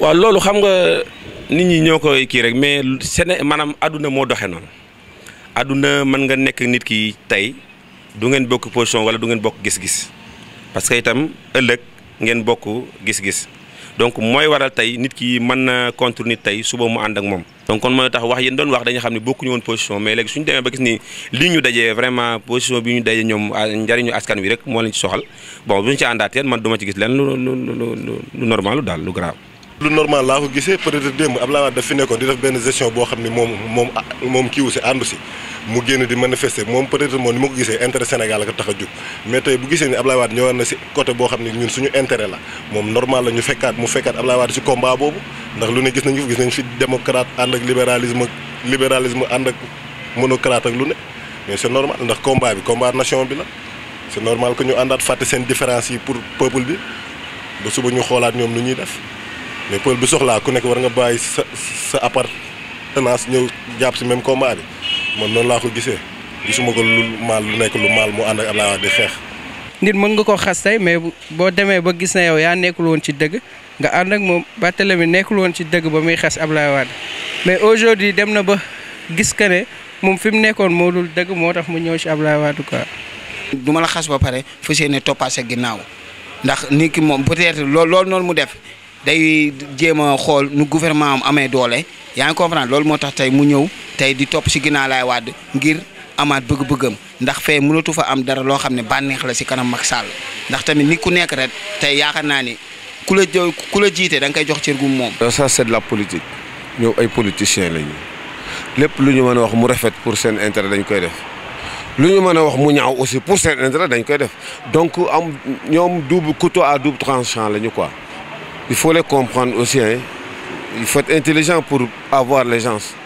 waaw loolu xam nga nit ñi ñoo ko kii rek mais Séné maanaam àdduna moo doxe noonu àdduna mën nga nekk nit ki tey du ngeen bokk position wala du ngeen bokk gis-gis parce que itam ëllëg ngeen bokk gis-gis donc mooy waral tey nit ki mën na contre nit tey suba mu ànd ak moom. donc kon mooy tax wax yéen doon wax dañu xam ne bokkuñu woon position mais léegi suñu demee ba gis ni li ñu dajee vraiment position bi ñu dajee ñoom njariñu askan wi rek moo leen ci soxal bon bu ñu ci àndaatee man duma ci gis leen lu lu lu normal daal lu lu normal laa ko gisee peut être démb Abdoulaye Wade daf fi nekkoon di def benn gestion boo xam ni moom moom moom kiiwu si àndu si mu génn di manifester moom peut être moom ni ma ko gisee intérêt Sénégal la ko tax a jóg mais tey bu gisee ni Abdoulaye Wade ñëwaat na si côté boo xam ne ñun suñu intérêt la moom normal la ñu fekkaat mu fekkaat Abdoulaye Wade si combat boobu ndax lu ne gis nañu fi gis nañ fi démocrate ànd ak libéralisme ak libéralisme ànd ak monocrate ak lu ne mais c'est normal ndax combat bi combat nation bi la c'est normal que ñu àndaat fàtte seen différence yi pour peuple bi ba suba ñu xoolaat ñoom lu ñuy def mais peuple bi soxlaa ku nekk war nga bàyyi sa sa appartenance ñëw jàpp si même combat bi man noonu laa ko gisee gisuma ko lu maal lu nekk lu maal mu ànd ak Abdoulaye Wade di xeex. nit mën nga ko xas tey mais boo demee ba gis na yow yaa nekkul woon ci dëgg nga ànd ak moom mi nekkul woon ci dëgg ba muy xas Abdoulaye Wade mais aujourd'hui dem na ba gis que ne moom fi mu nekkoon moo dul dëgg moo tax mu ñëw ci Abdoulaye Wade quoi. du ma la xas ba pare fas yéene toppaat sa ginnaaw ndax nit ki moom peut-être loolu loolu mu def. day jéem a xool nu gouvernement am amee doole yaa ngi comprendre loolu moo tax tey mu ñëw tey di topp si ginnaaw laay wàdd ngir amaat bëgg-bëggam ndax fee mënatu fa am dara lo xam ne bànneex la si kanam mak Sall ndax tamit ni ku nekk rek tey yaakaar naa ni kula la ku la jiite da nga koy jox cër gu moom. ça c'est de la politique ñoom ay politiciens lañu lépp lu ñu mën a wax mu rafet pour seen intérêt dañ koy def lu ñu mën a wax mu ñaaw aussi pour seen intérêt dañ koy def donc am ñoom double couteau à double tranchant lañu quoi. il faut les comprendre aussi. Hein. Il faut être intelligent pour avoir les gens.